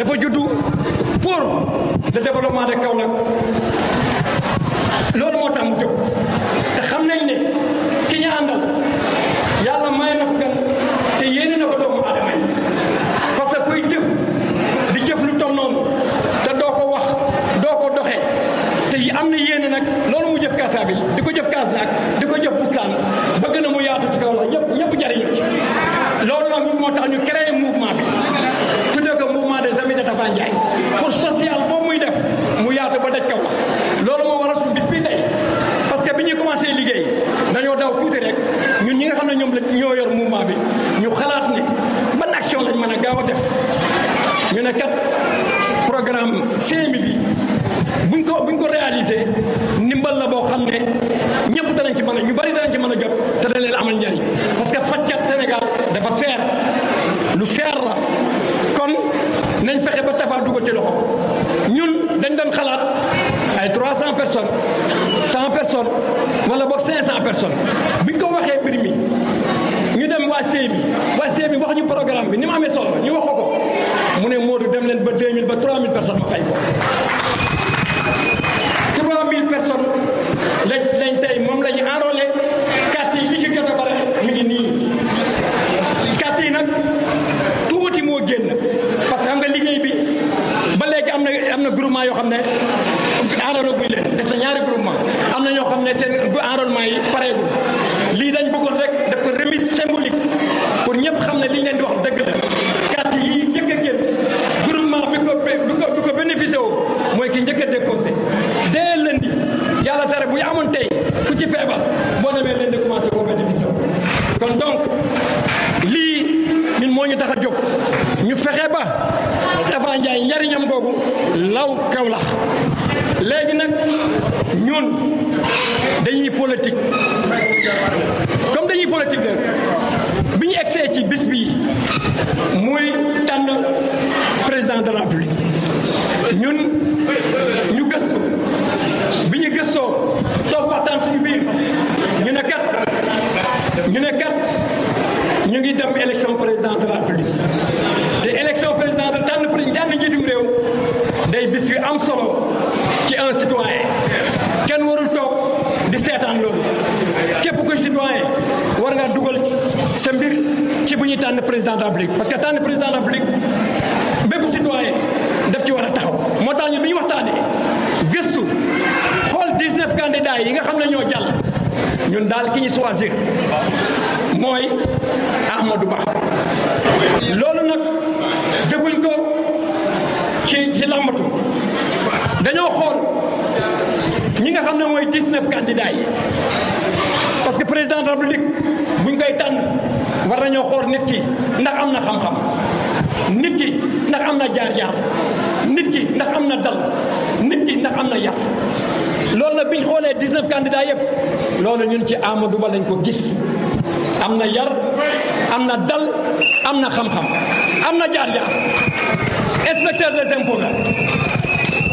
dafa juddu pour le développement de Kaolack kat programme CMI bi buñ ko buñ ko réalisé ndimbal la boo xam ne ñëpp danañ ci mën ñu bari danañ ci mën a jot te da leen amal njariñ parce que fajkat Sénégal dafa seer lu seer la kon nañ fexe ba Tafa dugal ci loxo ñun dañ doon xalaat ay 300 personnes 100 personnes wala boog 500 personnes biñ ko waxee mbir mi ñu dem waa CMI waa CMI wax ñu programme bi ni mu amee solo. dem leen ba 2000 ba 3000 personnes ma fay ko 3000 personnes lañ lañ tey moom la ñu enrôlé carte yi li ci jot a bare mi ngi nii carte yi nag tuuti moo génn parce que xam liggéey bi ba léegi am na am na groupement yoo xam ne enrôlé leen des na ñaari groupement am na ñoo xam ne seen yi pareegul moo ñu tax a jóg ñu fexe ba Tafa Njaay njariñam googu law Kawlax léegi nag ñun dañuy politique comme dañuy politique nag bi ñu egsee ci bis bii muy tànn président de la République élection président de la te élection président de tànn président tànn njiitum réew day bis yu am solo ci un citoyen kenn warul toog di seetaan loolu képp ku citoyen war ngaa dugal sa mbir ci bu ñuy tànn président de parce que tànn président de la République bépp citoyen daf ci war a taxaw moo tax ñu bi ñu waxtaanee gëstu xool 19 candidats yi nga xam na ñoo jàll ñun daal ki ñu choisir mooy Ahmadou Ba loolu nag defuñ ko ci làmbatu dañoo xool ñi nga xam ne mooy 19 candidats yi parce que président de la République koy tànn war nañoo xool nit ki ndax am na xam-xam nit ki ndax am na jaar-jaar nit ki ndax am na dal nit ki ndax am na yar loolu nag ñu xoolee 19 candidats yëpp loolu ñun ci Amadou Ba lañ ko gis amna yar amna dal amna xam-xam amna na jaar-jaar inspecteur des impôts la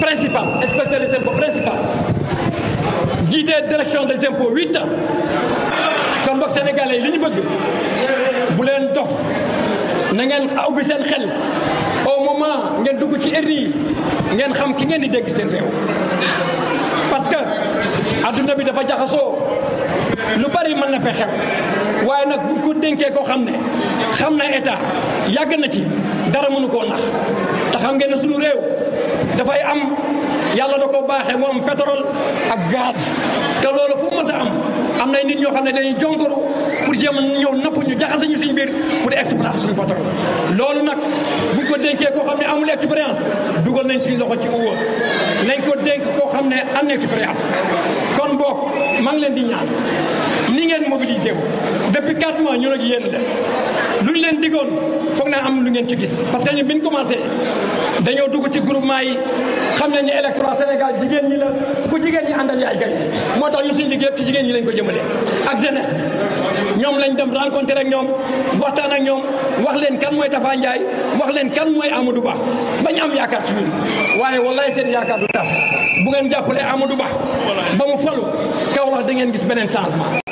principal inspecteur des impôts principal jiite direction des impôts 8 ans kon mbokk sénégalais li ñu bëgg bu leen dof na ngeen ubbi seen xel au moment ngeen dugg ci erreur ngeen xam ki ngeen di dégg seen réew parce que aduna bi dafa jaxasoo lu bari mën na fee waaye nag buñ ko dénkee koo xam ne xam na état yàgg na ci dara mënu koo nax te xam ngeen ne suñu réew dafay am yàlla da koo baaxee moom am ak gaz te loolu fu ma mës am am nay nit ñoo xam ne dañuy jonkoru pour jéem a ñëw napp ñu jaxase ñu suñ biir pour di exploiter suñu pétrole loolu nag buñ ko denkee koo xam ne amul expérience dugal nañ suñu loxo ci uwa nañ ko dénk koo xam ne am na expérience kon boog maa leen di ñaan ni ngeen mobilisé wu depuis 4 mois ñun ak yéen la lu ñu leen digoon foog naa am lu ngeen ci gis parce que ñun bi ñu commencé. dañoo dugg ci groupement yi xam nañ ne électorat Sénégal jigéen ñi la ku jigéen ñi àndal yaay gañe moo tax ñu suñu liggéey ci jigéen ñi lañ ko jëmale ak jeunesse ñoom lañ dem rencontré ak ñoom waxtaan ak ñoom wax leen kan mooy Tafa Ndiaye wax leen kan mooy Amadou Ba bañ am yaakaar ci ñun waaye wallaay seen yaakaar du tas bu ngeen jàppale Amadou Ba ba mu falu kaw wax da ngeen gis beneen changement